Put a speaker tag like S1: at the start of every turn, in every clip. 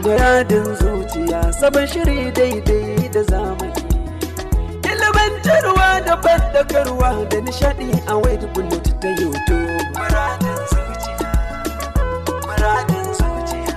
S1: Muradin zuciya sabon shiri daidai da zamani. Ilimantarwa da bandakarwa da nishadi a wayar bullet ta YouTube. Muradin zuciya, muradin zuciya.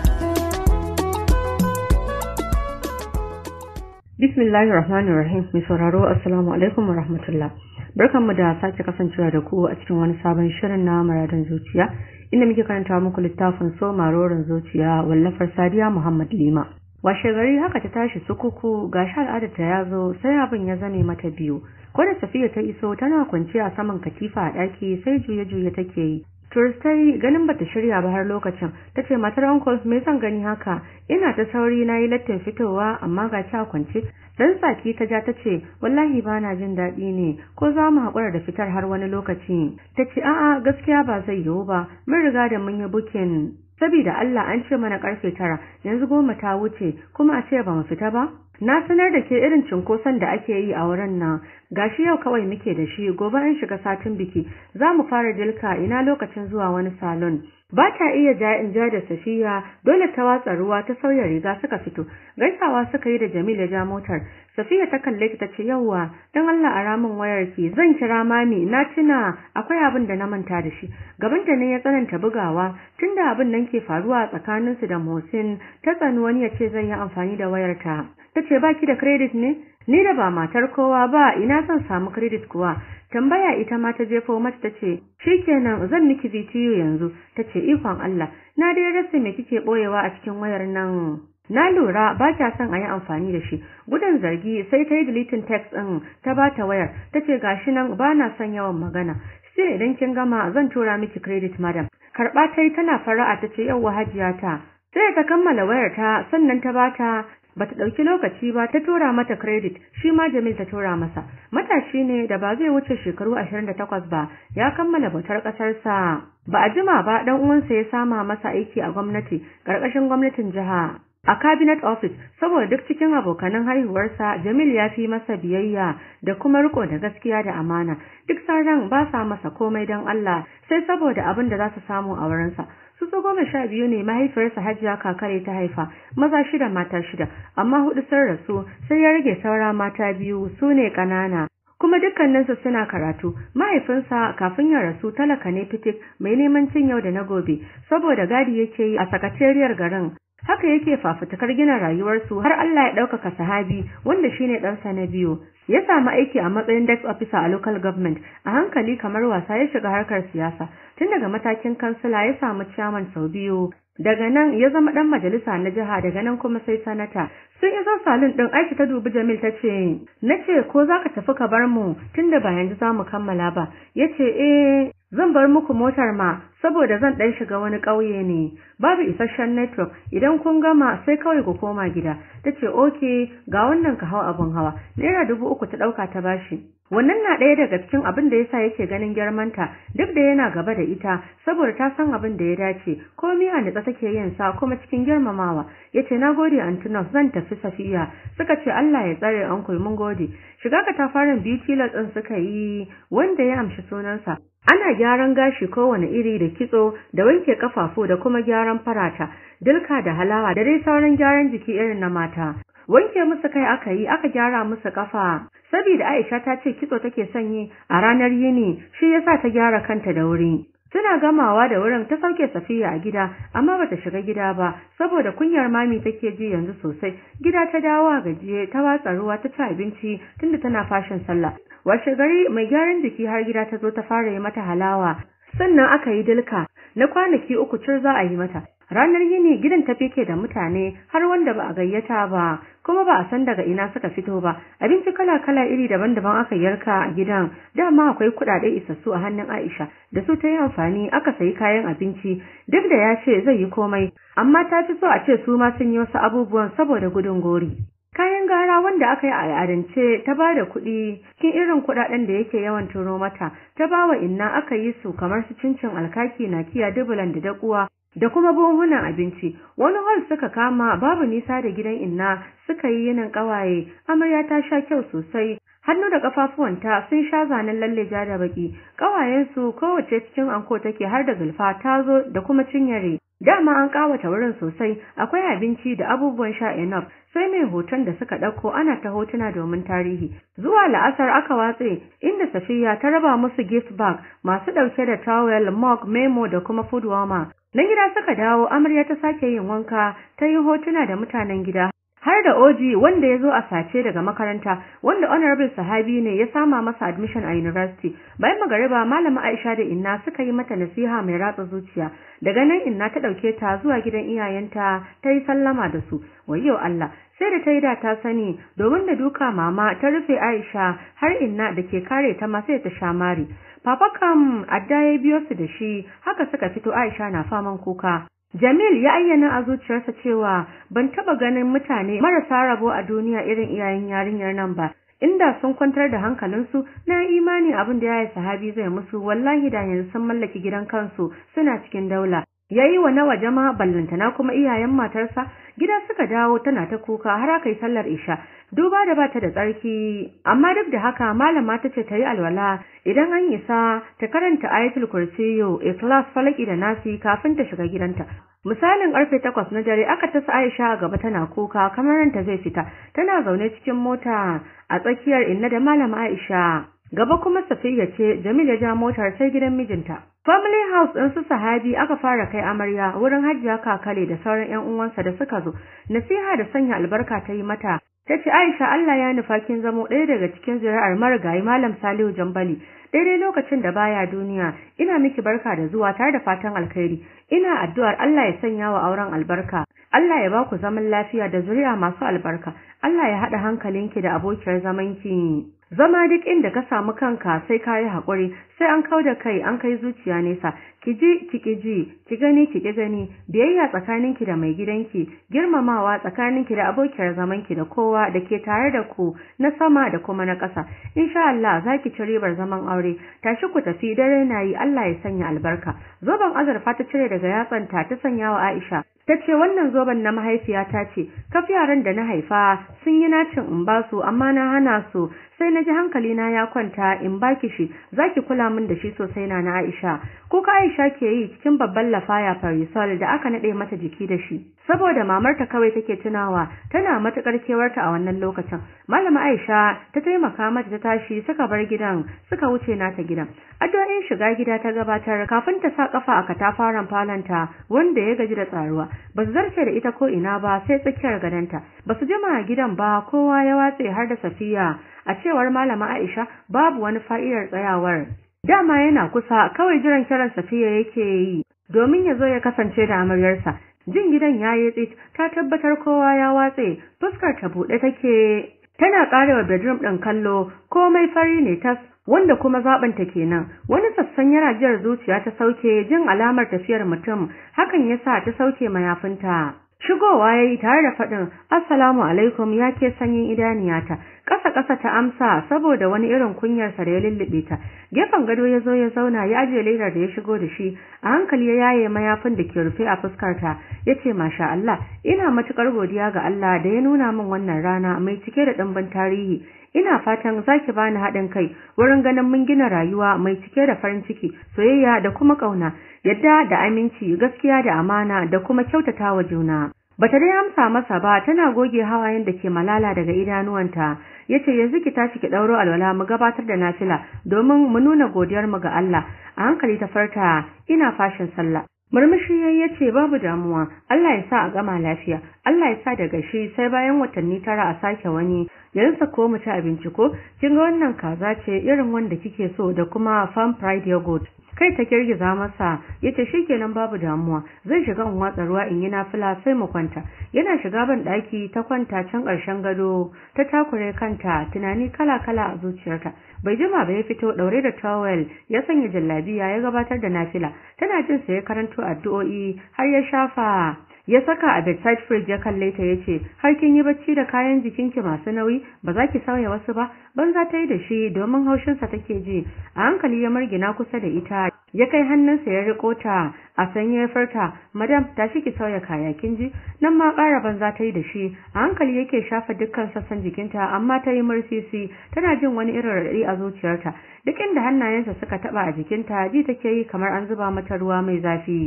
S1: Bismillahir Rahmanir Rahim, mai sauraro Assalamu alaikum wa rahmatullah. Barkanmu da sake kasancewa da ku a cikin wani sabon shirin na muradin zuciya. inda muke karanta muku littafin so marorin zuciya wallafar sadiya muhammad lima washe gari haka ta tashi sukuku ga shi al'adar ta ya zo sai abin ya zame mata biyu ko da safiya ta iso tana kwanciya saman katifa a ɗaki sai juye juye take yi turistai ganin bata shirya ba har lokacin Ta ce, matar uncle me zan gani haka ina ta sauri na yi lattin fitowa amma ga a kwance dan Saki ta ja ta ce, wallahi bana jin daɗi ne ko za mu haƙura da fitar har wani lokaci Ta tace a'a gaskiya ba zai yiwu ba mun riga da mun yi bukin saboda Allah an ce mana karfe tara yanzu goma ta wuce kuma a ce ba mu fita ba na sanar da ke irin cinkoson da ake yi a wurin nan Ga shi yau kawai muke da shi gobe an shiga satin biki za mu fara dilka ina lokacin zuwa wani salon ba ta iya ja in ja da safiya dole ta watsa ruwa ta sauya riga suka fito gaisawa suka yi da jamil ya ja motar safiya ta kalle ki ta ce yawwa dan allah a ramin wayar ki zan kira mami na tuna akwai abin da na manta da shi gabanta ne ya tsananta bugawa tunda abin nan ke faruwa a tsakaninsu da mohsin ta tsani wani ya ce zan yi amfani da wayarta ta ce baki da credit ne ni da ba matar kowa ba ina zan samu credit kuwa tambaya ita ma ta jefo mata tace shikenan zan miki VTU yanzu tace ikon Allah na dai rasa me kike ɓoyewa a cikin wayar nan na lura ba ta son a yi amfani da shi gudan zargi sai ta yi deleting text din ta ba ta wayar tace gashi nan ba na son yawan magana sai idan kin gama zan tura miki credit madam karba tai tana fara'a tace yawwa hajiya ta sai ta kammala wayar ta sannan ta bata bata ɗauki lokaci ba ta tura mata credit shi ma Jamil ta tura masa matashi ne da ba zai wuce shekaru ashirin 28 ba ya kammala bautar ƙasarsa. ba a jima ba dan uwansa ya sama masa aiki a gwamnati ƙarƙashin gwamnatin jiha a cabinet office saboda duk cikin abokanan haihuwarsa Jamil ya fi masa biyayya da kuma riko da gaskiya da amana duk sauran ba sa masa komai don Allah sai saboda abin da za su samu a wurinsa su su goma sha biyu ne mahaifiyarsa hajiya kakare ta haifa maza shida mata shida amma hudu sun rasu sai ya rage saura mata biyu su ne ƙanana kuma dukkaninsu suna karatu mahaifinsa kafin ya rasu talaka ne fitik mai neman cin yau da na gobe saboda gadi yake yi a sakatariyar garin haka yake fafutukar gina rayuwarsu har Allah ya ɗaukaka sahabi wanda shine ɗansa na biyu ya samu aiki a matsayin desk officer a local government a hankali kamar wasa ya shiga harkar siyasa tun daga matakin kansila ya samu chairman sau biyu daga nan ya zama ɗan majalisa na jiha daga nan kuma sai sanata sun iso salon ɗin aiki ta dubi jamil ta ce na ce ko za ka tafi ka bar mu tunda ba yanzu za mu kammala ba ya ce eh Zan bar muku motar ma saboda zan dan shiga wani ƙauye ne. Babu isasshen network idan kun gama sai kawai ku koma gida. Tace okay ga wannan ka hau abun hawa. Naira dubu uku ta dauka ta bashi. Wannan na ɗaya daga cikin abin da yasa yake ganin girmanta duk da yana gaba da ita saboda ta san abin da ya dace. Komai a nitsa take yin sa kuma cikin girmamawa. Yace na gode Antinov zan tafi Safiya. Suka ce Allah ya tsare an mun gode. Shiga ka ta fara beauty suka yi wanda ya amshi sunansa. Ana gyaran gashi kowane iri da kitso da wanke kafafu da kuma gyaran farata, dilka da halawa da dai sauran gyaran jiki irin na mata. Wanke musu kai aka yi aka gyara musu kafa. Saboda Aisha ta ce kitso take yi a ranar yini shi yasa ta gyara kanta da wuri. Suna gamawa da wurin ta sauke Safiya a gida amma bata shiga gida ba saboda kunyar mami take ji yanzu sosai. Gida ta dawo a gajiye ta watsa ruwa ta ci abinci tunda tana fashin sallah. washe gari mai gyaran jiki har gida ta zo ta fara yi mata halawa sannan aka yi dilka na kwanaki uku cir za a yi mata ranar yini gidan ta fike da mutane har wanda ba a gayyata ba kuma ba a san daga ina suka fito ba abinci kala kala iri daban-daban aka yarka a gidan dama akwai kuɗaɗe isassu a hannun Aisha da su ta yi amfani aka sayi kayan abinci duk da ya ce zai yi komai amma ta fi so a ce su ma sun yi wasu abubuwan saboda gudun gori kayan gara wanda aka yi a al'adance ta ba da kuɗi cikin irin kuɗaɗen da yake yawan turo mata ta ba wa inna aka yi su kamar su cincin alkaki na kiya dubulan da dakuwa da kuma buhunan abinci wani hall suka kama babu nisa da gidan inna suka yi yinin ƙawaye amarya ta sha kyau sosai hannu da ƙafafuwanta sun sha zanen lalle ja da baƙi. ƙawayensu kowace cikin anko take har da gulfa ta zo da kuma cinyare Dama an kawata wurin sosai, akwai abinci da abubuwan sha enough, sai mai hoton da suka ɗauko ana ta hotuna domin tarihi. Zuwa la'asar aka watse, inda Safiya ta raba musu gift bag masu ɗauke da towel, mug, memo da kuma food warmer. Na gida suka dawo, amarya ta sake yin wanka, ta yi hotuna da mutanen gida. har da Oji wanda ya zo a sace daga makaranta wanda honorable sahabi ne ya sama masa admission a university bayan magariba malama Aisha da Inna suka yi mata nasiha mai ratsa zuciya daga nan Inna ta dauke ta zuwa gidan iyayenta ta yi sallama da su wayyo Allah sai da ta yi da ta sani domin da duka mama ta rufe Aisha har Inna da ke kare ta ma sai ta sha mari Papa kam adda ya biyo su da shi haka suka fito Aisha na faman kuka Jamil ya ayyana a zuciyarsa cewa ban taba ganin mutane marasa rabo a duniya irin iyayen yarinyar nan ba. Inda sun kwantar da hankalinsu na imani abin da yi sahabi zai musu wallahi da yanzu sun mallaki gidan kansu suna cikin daula. Ya yi wa nawa Jama ballantana kuma iyayen matarsa gida suka dawo tana ta kuka har aka yi sallar isha duba da bata da tsarki amma duk da haka malama ta ce ta yi alwala idan an isa ta karanta ayatul kursiyo ikhlas falaki da nasi kafin ta shiga gidanta misalin karfe takwas na dare aka tasa Aisha gaba tana kuka kamar ta zai fita tana zaune cikin mota a tsakiyar inna da malama Aisha gaba kuma Safiya ce Jamil ya ja motar sai gidan mijinta Family house ɗin su sahabi aka fara kai amarya wurin hajjiya kakale da sauran 'yan uwansa da suka zo. Nasiha da sanya albarka ta yi mata. Ta ce Aisha Allah ya nufa kin zamo ɗaya daga cikin zuri'ar marigayi Malam Salihu Jambali. Daidai lokacin da baya duniya, ina miki barka da zuwa tare da fatan alkhairi. Ina addu'ar Allah ya sanya wa auren albarka. Allah ya baku zaman lafiya da zuri'a masu albarka. Allah ya haɗa hankalinki da abokiyar zamanki. zama duk inda ka samu kanka sai ka yi haƙuri sai an kau da kai an kai zuciya nesa kiji ji ki ki ji ki gani ki gani biyayya tsakaninki da mai gidanki girmamawa tsakaninki da abokiyar zamanki da kowa da ke tare da ku na sama da kuma na ƙasa insha Allah za ki ci ribar zaman aure tashi ku tafi dare na yi Allah ya sanya albarka zoben azurfa ta cire daga yatsanta ta sanya wa Aisha ta ce wannan zoben na mahaifiyata ce kaf yaran da na haifa sun yi nacin in ba su amma na hana su sai na ji hankali na ya kwanta in baki shi zaki kula min da shi sosai na na Aisha ko ka Aisha ke yi cikin babban lafaya farisol da aka nade mata jiki da shi saboda mamarta kawai take tunawa tana matukar kewarta a wannan lokacin malama Aisha ta taimaka mata ta tashi suka bar gidan suka wuce nata gidan addu'o'in shiga gida ta gabatar kafin ta sa kafa a katafaren falanta wanda ya gaji da tsaruwa ba zarce da ita ko ina ba sai tsakiyar gadanta ba su jima gidan ba kowa ya watse har da Safiya a cewar malama Aisha babu wani fa'idar tsayawar dama yana kusa kawai jiran kiran Safiya yake yi domin ya zo ya kasance da amaryarsa jin gidan yayi tsit ta tabbatar kowa ya watse fuskar ta buɗe take tana karewa bedroom ɗin kallo komai fari ne tas wanda kuma ta kenan wani sassan yana jiyar zuciya ta sauke jin alamar tafiyar mutum hakan yasa ta sauke mayafinta shigowa ya yi tare da faɗin assalamu alaikum ya ke sanyin idaniyata ƙasa-ƙasa ta amsa saboda wani irin kunyarsa da ya lullube ta gefen gado ya zo ya zauna ya ajiye ledar da ya shigo da shi a hankali ya yaye mayafin da ke rufe a fuskarta, ya ce masha Allah ina matuƙar godiya ga Allah da ya nuna min wannan rana mai cike da ɗimbin tarihi ina fatan zaki bani haɗin kai wurin ganin mun gina rayuwa mai cike da farin ciki soyayya da kuma ƙauna yadda da aminci gaskiya da amana da kuma kyautata wa juna bata dai amsa masa ba tana goge hawayen da ke malala daga idanuwanta yace yanzu ki tashi ki dauro alwala mu gabatar da nafila domin mu nuna godiyar mu ga Allah a hankali ta farta, ina fashin sallah murmushi yayi yace babu damuwa Allah ya sa a gama lafiya Allah ya sa daga shi sai bayan watanni tara a sake wani yanzu sako mu ci abinci ko kin ga wannan kaza ce irin wanda kike so da kuma fan pride yogurt kai ta girgiza masa yace shikenan babu damuwa zan shiga in watsa ruwa in yi nafila sai mu kwanta yana shiga ban daki ta kwanta can ƙarshen gado ta takure kanta tunani kala kala a zuciyarta bai jima ba ya fito daure da towel ya sanya jallabiya ya gabatar da nafila tana jin sai ya karanto addu'o'i har ya shafa ya saka a bedside fridge ya kalle ta ya ce har kin yi bacci da kayan jikin ki masu nauyi ba za ki sauya wasu ba banza ta yi da shi domin haushinsa take ji a hankali ya margina kusa da ita ya kai hannunsa ya riko ta a sanya ya farta madam tashi ki sauya kaya kin ji nan ma ƙara banza ta yi da shi a hankali yake shafa dukkan sassan jikinta amma ta yi mursisi tana jin wani irin raɗaɗi a zuciyarta duk inda hannayensa suka taɓa a jikinta ji take yi kamar an zuba mata ruwa mai zafi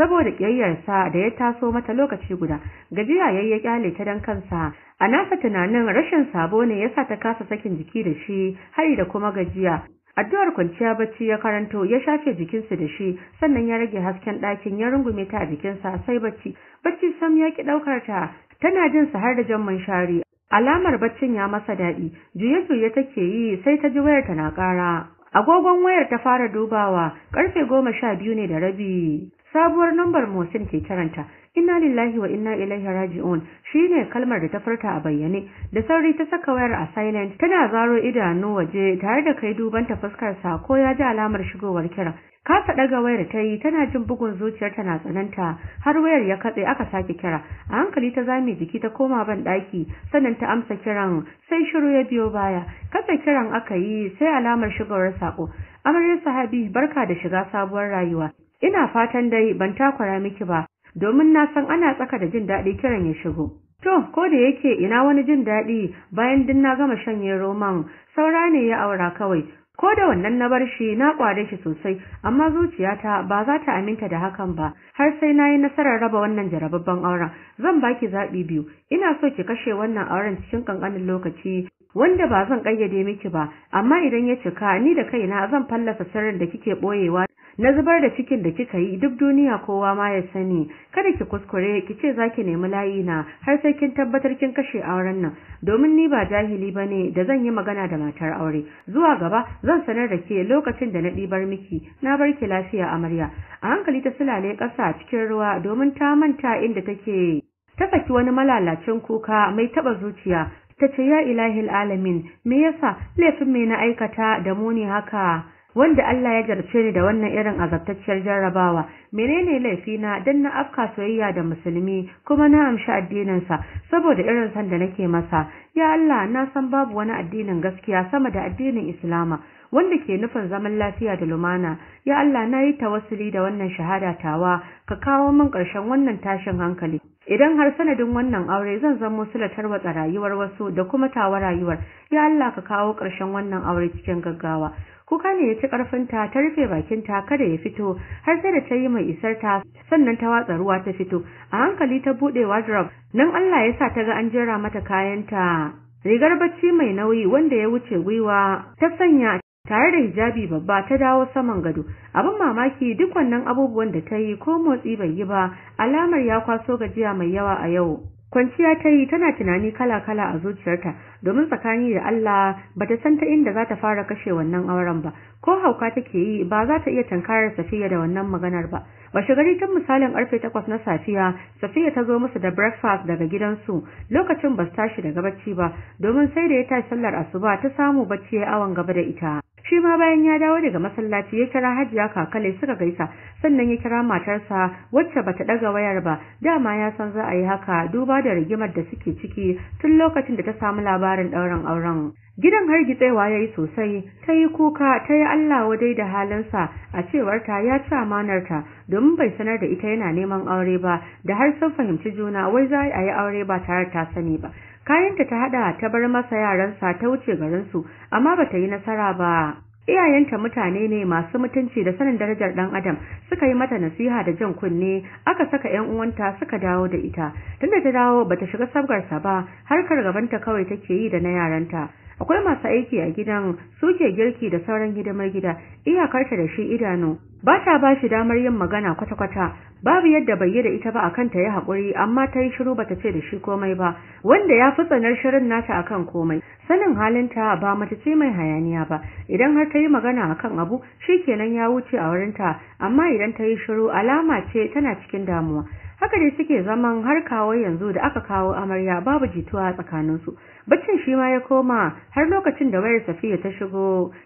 S1: saboda kiyayyarsa da ya taso mata lokaci guda gajiya yayye kyale ta dan kansa a nasa tunanin rashin sabo ne yasa ta kasa sakin jiki da shi hari da kuma gajiya addu'ar kwanciya bacci ya karanto ya shafe jikinsa da shi sannan ya rage hasken ɗakin ya rungume ta a jikinsa sai bacci bacci sam ya ki ɗaukar ta tana jin sa har da jan shari. alamar baccin ya masa daɗi juye juye take yi sai ta ji wayar ta na ƙara agogon wayar ta fara dubawa karfe goma sha biyu ne da rabi sabuwar nambar Mohsin ke karanta inna lillahi wa inna ilaihi shi ne kalmar da ta furta a bayyane da sauri ta saka wayar a silent tana zaro idanu waje tare da kai duban ta fuskar sa ko ya ji alamar shigowar kira kasa daga wayar ta yi tana jin bugun zuciyar ta na tsananta har wayar ya katse aka sake kira a hankali ta zame jiki ta koma ban daki sannan ta amsa kiran sai shiru ya biyo baya katse kiran aka yi sai alamar shigowar sako amaryar sahabi barka da shiga sabuwar rayuwa Ina fatan dai ban takura miki ba, domin na san ana tsaka da jin daɗi kiran ya shigo. To, ko da yake ina wani jin daɗi bayan din na gama shanye roman, saura ne ya aura kawai. Ko da wannan na bar shi na kware shi sosai, amma zuciyata ba za ta aminta da hakan ba, har sai na yi nasarar raba wannan jarababban auren. Zan baki zaɓi biyu, ina so ki kashe wannan auren cikin ƙanƙanin lokaci, wanda ba zan ƙayyade miki ba, amma idan ya cika ni da kaina zan fallasa sirrin da kike ɓoyewa na zubar da cikin da kika yi duk duniya kowa ma ya sani kada ki kuskure ki ce zaki nemi layi na har sai kin tabbatar kin kashe auren nan domin ni ba jahili ne da zan yi magana da matar aure zuwa gaba zan sanar da ke lokacin da na ɗibar miki na bar ki lafiya amarya a hankali ta sulale ƙasa cikin ruwa domin ta manta inda take ta saki wani malalacin kuka mai taɓa zuciya ta ce ya ilahil alamin me yasa laifin mai na aikata da muni haka wanda Allah ya jarce ni da wannan irin azabtacciyar jarrabawa menene laifina dan na afka soyayya da musulmi kuma na amshi addinin sa saboda irin san da nake masa ya Allah na san babu wani addinin gaskiya sama da addinin Islama wanda ke nufin zaman lafiya da lumana ya Allah na yi tawassuli da wannan shahada tawa ka kawo min ƙarshen wannan tashin hankali idan har sanadin wannan aure zan zan musula watsa rayuwar wasu da kuma tawa rayuwar ya Allah ka kawo ƙarshen wannan aure cikin gaggawa kuka ne ya ci karfinta ta rufe bakinta kada ya fito har sai da ta yi mai isar ta sannan ta watsa ruwa ta fito a hankali ta buɗewa wardrobe nan Allah ya sa ta ga an jera mata kayanta rigar bacci mai nauyi wanda ya wuce gwiwa ta sanya tare da hijabi babba ta dawo saman gado abin mamaki duk wannan abubuwan da ta yi ko motsi bai yi ba alamar ya kwaso gajiya mai yawa a yau kwanciya ta yi tana tunani kala-kala a zuciyarta domin tsakani da Allah ba ta san ta inda za ta fara kashe wannan auren ba ko hauka take yi ba za ta iya tankarar safiya da wannan maganar ba Ba gari tun misalin karfe takwas na safiya safiya ta zo musu da breakfast daga gidansu lokacin ba su tashi daga bacci ba domin sai da ya tashi sallar asuba ta samu bacci ya awon gaba da ita shi ma bayan ya dawo daga masallaci ya kira Hajiya Kakale suka gaisa sannan ya kira matarsa wacce bata daga wayar ba dama ya san za a yi haka duba da rigimar da suke ciki tun lokacin da ta samu labarin ɗaurin auren gidan hargitsewa ya yi sosai ta yi kuka ta yi Allah wadai da halinsa a cewarta ya ci amanarta domin bai sanar da ita yana neman aure ba da har sun fahimci juna wai za a yi aure ba tare ta sani ba kayanta ta hada ta bar masa yaran sa ta wuce garinsu amma bata yi nasara ba iyayenta mutane ne masu mutunci da sanin darajar dan adam suka yi mata nasiha da jan kunne aka saka yan uwanta suka dawo da ita tunda ta dawo bata shiga sabgarsa ba Har harkar gabanta kawai take yi da na yaranta akwai masu aiki a gidan suke girki da sauran hidimar gida iyakarta da shi idanu ba ta ba shi damar yin magana kwata-kwata babu yadda bai yi da ita ba akan ta yi haƙuri amma ta yi shiru ba ta ce da shi komai ba wanda ya fi tsanar shirin nata akan komai sanin halinta ba mace ce mai hayaniya ba idan har ta yi magana akan abu shi kenan ya wuce a wurinta amma idan ta yi shiru alama ce tana cikin damuwa haka dai suke zaman har kawo yanzu da aka kawo amarya babu jituwa a tsakaninsu baccin shi ma ya koma har lokacin da wayar safiya ta shigo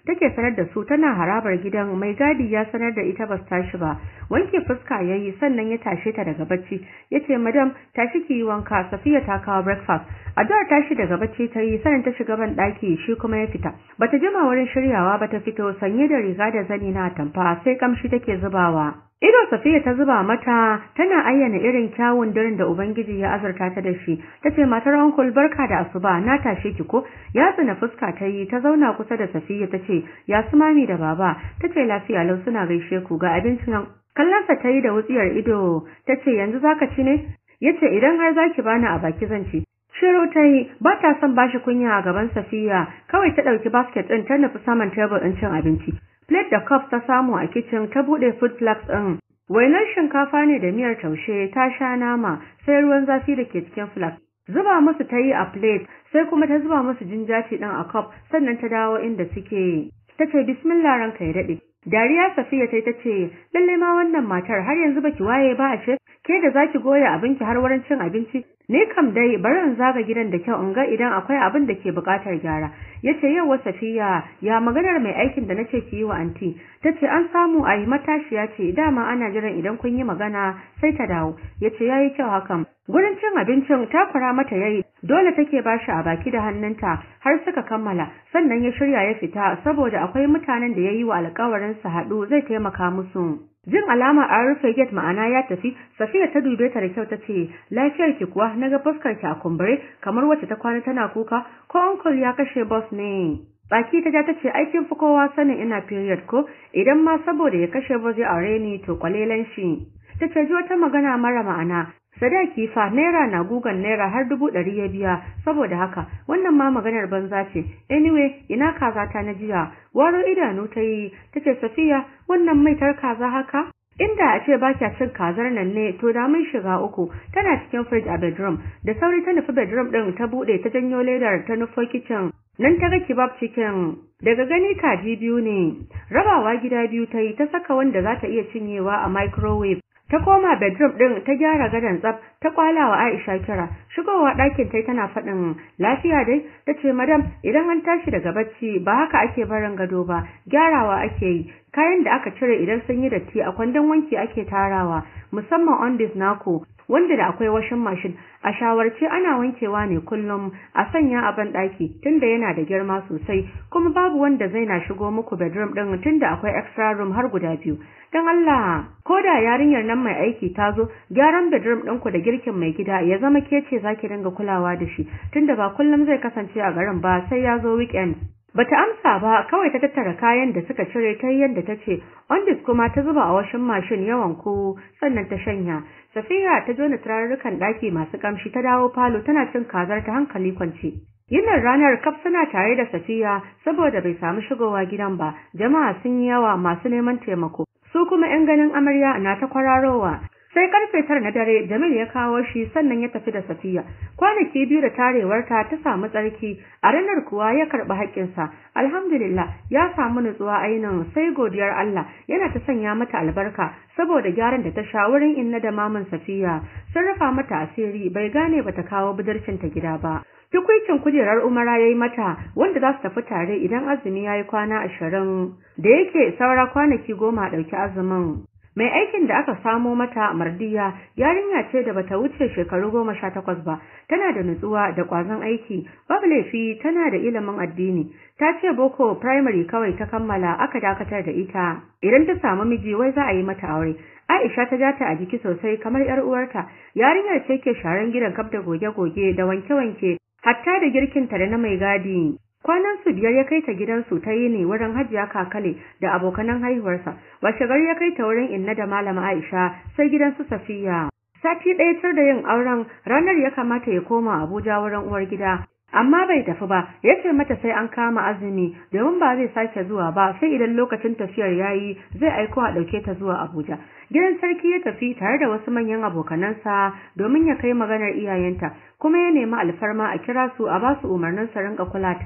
S1: take sanar da su tana harabar gidan mai gadi ya sanar da ita ba tashi ba wanke fuska ya yi sannan ya tashe ta daga bacci ya ce madam tashi ki yi wanka safiya ta kawo breakfast addu'ar tashi daga bacci ta yi sannan ta shiga ban ɗaki shi kuma ya fita bata jima wurin shiryawa ba ta fito sanye da riga da zani na tamfa sai kamshi take zubawa Ido Safiya ta zuba mata tana ayyana irin kyawun daren da Ubangiji ya azurta ta da shi. Tace matar uncle barka da asuba na tashe ki ko? Ya tsina fuska ta yi ta zauna kusa da Safiya tace ya su mami da baba. Tace lafiya lau suna gaishe ku ga abincin nan. Kallonsa ta yi da wutsiyar ido tace yanzu zaka ci ne? Yace idan har zaki bani a baki zan ci. Shiro ta yi ba ta son bashi kunya a gaban Safiya kawai ta ɗauki basket ɗin ta nufi saman tebur ɗin cin abinci. plate da cup ta samu a kitchen ta buɗe food flags ɗin wainar shinkafa ne da miyar taushe ta sha nama sai ruwan zafi da ke cikin flask. zuba musu ta yi a plate sai kuma ta zuba musu jinjaci ɗin a cup sannan ta dawo inda suke ta ce bismillah ranka ya daɗe dariya safiya ta ce lallai ma wannan matar har yanzu baki waye ba a ce ke da zaki goya abinki har wurin cin abinci ne kam dai bari in zaga gidan da kyau in ga idan akwai abin da ke bukatar gyara yace yau Safiya ya maganar mai aikin da nace ki yi wa anti tace an samu a yi matashiya ce dama ana jiran idan kun yi magana sai ta dawo yace yayi kyau hakan gurin cin abincin ta kura mata yayi dole take bashi a baki da hannunta har suka kammala sannan ya shirya ya fita saboda akwai mutanen da ya yi wa alƙawarin su haɗu zai taimaka musu Jin alama a rufe gate ma'ana ya tafi, Safiya ta dube ta da kyau ta ce, "Lafiyar ki kuwa na ga fuskar ki a kumbure kamar wacce ta kwana tana kuka, ko uncle ya kashe boss ne?" Baki ta ja ta ce, "Ai fi kowa sanin ina period ko, idan ma saboda ya kashe boss ya aure ni to kwalelan shi." Ta ce, "Ji wata magana mara ma'ana, Sadaki fa naira na gugan naira har dubu ɗari ya biya saboda haka wannan ma maganar banza ce anyway ina kaza ta na jiya waro idanu ta yi ta ce Safiya wannan mai tar kaza haka Inda a ce ba kya cin kazar nan ne to da mun shiga uku tana cikin fridge a bedroom da sauri ta nufi bedroom ɗin ta bude ta janyo ledar ta nufo kitchen nan ta ga kebab chicken daga gani kaji biyu ne rabawa gida biyu ta yi ta saka wanda za ta iya cinyewa a microwave ta koma bedroom din ta gyara gadon tsaf ta kwalawa Aisha kira shigowa ɗakin tai tana faɗin lafiya dai tace madam idan an tashi daga bacci ba haka ake barin gado ba gyarawa ake yi kayan da aka cire idan sun yi datti a kwandon wanki ake tarawa musamman on ondis nako wanda da akwai washin mashin a shawarce ana wankewa ne kullum a sanya a ban daki tunda yana da girma sosai kuma babu wanda zai na shigo muku bedroom din tunda akwai extra room har guda biyu dan Allah ko da yarinyar nan mai aiki ta zo gyaran bedroom din ku da girkin mai gida ya zama kece zaki dinga kulawa da shi tunda ba kullum zai kasance a garin ba sai ya zo weekend Bata amsa ba, kawai ta tattara kayan da suka cire ta yadda ta ce, Ondis kuma ta zuba a washin mashin yawan ku sannan ta shanya. Safiya ta jona turarrukan ɗaki masu kamshi ta dawo falo tana cin kazar ta hankali kwance. Yinan ranar kaf suna tare da Safiya saboda bai samu shigowa gidan ba, jama'a sun yi yawa masu neman taimako. Su kuma 'yan ganin amarya na ta kwararowa, sai karfe tara na dare Jamil ya kawo shi sannan ya tafi da Safiya kwanaki biyu da tarewarta ta samu tsarki a ranar kuwa ya karɓi haƙƙinsa alhamdulillah ya samu nutsuwa ainihin sai godiyar Allah yana ta sanya mata albarka saboda gyaran da ta sha wurin inna da maman Safiya sun rufa mata asiri bai gane bata kawo budurcinta gida ba Tukwicin kujerar Umara ya yi mata wanda za su tafi tare idan azumi ya yi kwana ashirin da yake saura kwanaki goma a ɗauki azumin. mai aikin da aka samo mata mardiya yarinya ce da bata wuce shekaru goma sha takwas ba tana da nutsuwa da ƙwazon aiki babu laifi tana da ilimin addini ta ce boko primary kawai ta kammala aka dakatar da ita idan ta samu miji wai za a yi mata aure Aisha ta ja ta a jiki sosai kamar yar uwarta yarinyar ce ke sharan gidan kaf goge-goge da wanke-wanke hatta da girkinta da na mai gadi kwanan su biyar ya kai ta gidansu ta yi ne wurin hajiya kakale da abokanan haihuwarsa wace gari ya kai ta wurin inna da malama aisha sai gidansu safiya sati ɗaya tur da yin auren ranar ya kamata ya koma abuja wurin uwar gida amma bai tafi ba ya ce mata sai an kama azumi domin ba zai sake zuwa ba sai idan lokacin tafiyar ya yi zai aiko a ɗauke ta zuwa abuja gidan sarki ya tafi tare da wasu manyan abokanansa domin ya kai maganar iyayenta kuma ya nemi alfarma a kira su a basu su umarnin su rinka kula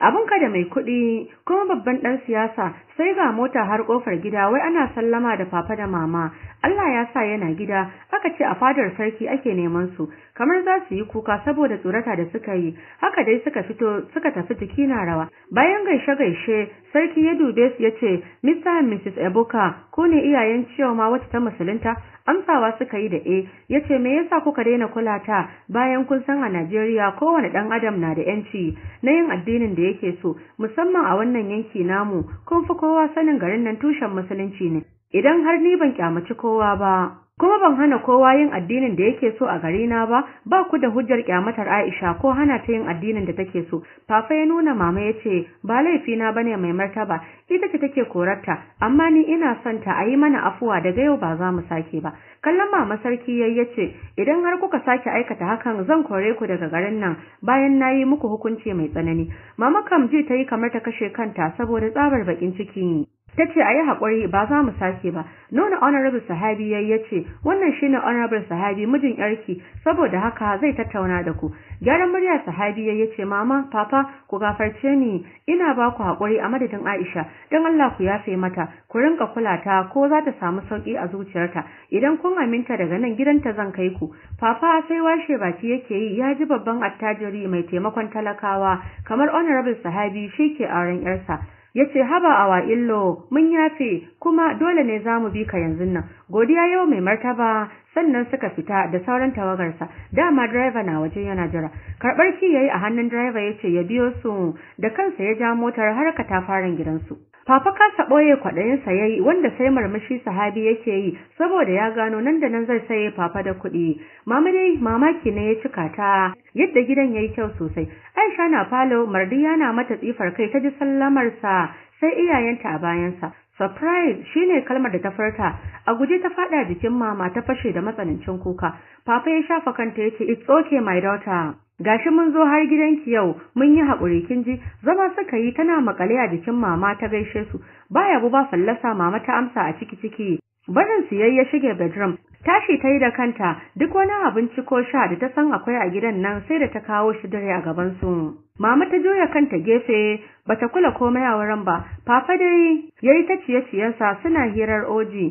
S1: abun ka da mai kuɗi kuma babban ɗan siyasa sai ga mota har kofar gida wai ana sallama da papa da mama Allah ya sa yana gida aka ce a fadar sarki ake neman su kamar za su yi kuka saboda tsurata da suka yi haka dai suka fito suka tafi jiki na rawa bayan gaishe gaishe sarki ya dube su yace Mr and Mrs Ebuka ko ne iyayen ma wata ta musulunta amsawa suka yi da e eh. yace me yasa kuka daina kula ta bayan kun san a Najeriya kowane dan adam na da yanci na yin addinin da yake so musamman a wannan yanki namu kun fi kowa sanin garin nan tushen musulunci ne idan har ni ban kyamaci kowa ba kuma ban hana kowa yin addinin da yake so a garina na ba ba ku da hujjar kyamatar Aisha ko hana ta yin addinin da take so fafa ya nuna mama yace ba laifi na bane mai martaba ita ce take korarta amma ni ina son ta ayi mana afuwa daga yau ba za mu sake ba kallon mama sarki yayi yace idan har kuka sake aikata hakan zan kore ku daga garin nan bayan nayi muku hukunci mai tsanani mama kam ta yi kamar ta kashe kanta saboda tsabar bakin ciki ta ce a yi haƙuri ba za mu sake ba nuna honorable sahabi ya ce wannan shine honorable sahabi mijin yarki saboda haka zai tattauna da ku gyaran murya sahabi ya ce mama papa ku gafarce ni ina ba ku haƙuri a madadin aisha don allah ku yafe mata ku rinka kula ta ko za ta samu sauki a zuciyarta idan kun aminta daga nan gidanta zan kai ku papa sai washe baki yake yi ya ji babban attajiri mai taimakon talakawa kamar honorable sahabi shi ke auren yarsa yace haba awa illo mun yafe kuma dole ne zamu bi ka yanzu nan godiya yau mai martaba sannan suka fita da sauran tawagarsa dama driver na waje yana jira karbar ki yayi a hannun driver yace ya biyo su da kansa ya ja motar har ka ta farin gidansu Fafa kasa ɓoye kwaɗayin sa yayi wanda sai marmashi sahabi yake yi saboda ya gano nan da nan zai saye fafa da kuɗi. Mama dai mamaki ne ya cika ta yadda gidan yayi kyau sosai. Aisha na falo Mardiya na mata tsifar kai ta ji sallamar sa sai iyayenta a bayansa. Surprise shine kalmar da ta furta. A guje ta fada jikin mama ta fashe da matsanancin kuka. Papa ya shafa kanta yace it's okay my daughter. Ga shi mun zo har gidanki yau mun yi haƙuri kin ji zama suka yi tana makale a jikin mama ta gaishe su baya ba fallasa mama ta amsa a ciki ciki barin su yayya shige bedroom tashi ta yi da kanta duk wani abinci ko sha da ta san akwai a gidan nan sai da ta kawo shi dare a gaban su mama ta juya kanta gefe bata kula komai a wurin ba papa dai yayi ta ciye ciyensa suna hirar oji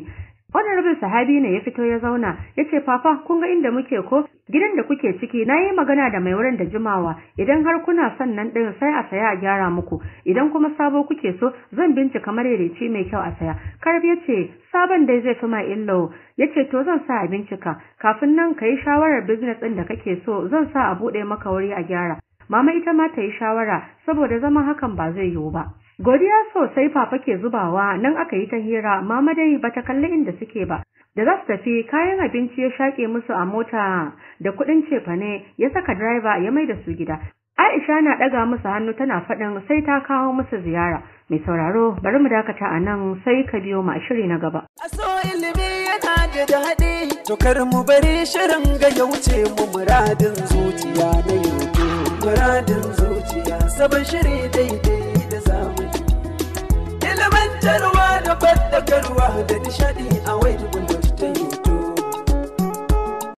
S1: Wani honorable sahabi ne ya fito ya zauna ya ce, papa kun ga inda muke ko gidan da kuke ciki na yi magana da mai wurin da jimawa idan har kuna son nan ɗin sai a saya a gyara muku idan kuma sabo kuke so zan bincika marereci mai kyau a saya ya ce, sabon dai zai fi ma illo ce to zan sa a bincika kafin nan ka yi shawarar business ɗin da kake so zan sa a buɗe maka wuri a gyara mama ita ma ta yi shawara saboda zama hakan ba zai yiwu ba godiya sosai fafa ke zubawa nan aka yi ta hira mama dai ba ta kalli inda suke ba da za su tafi kayan abinci ya shaƙe musu a mota da kuɗin cefane ya saka driver ya mai da su gida Aisha na ɗaga musu hannu tana faɗin sai ta kawo musu ziyara mai sauraro bari mu dakata a nan sai ka biyo ma shiri na gaba a so ilimi yana da daɗi to mu bari shirin ga ya wuce mu muradin zuciya na yau muradin zuciya sabon shiri daidai Nishaɗantarwa da fadakarwa da nishaɗi a waidu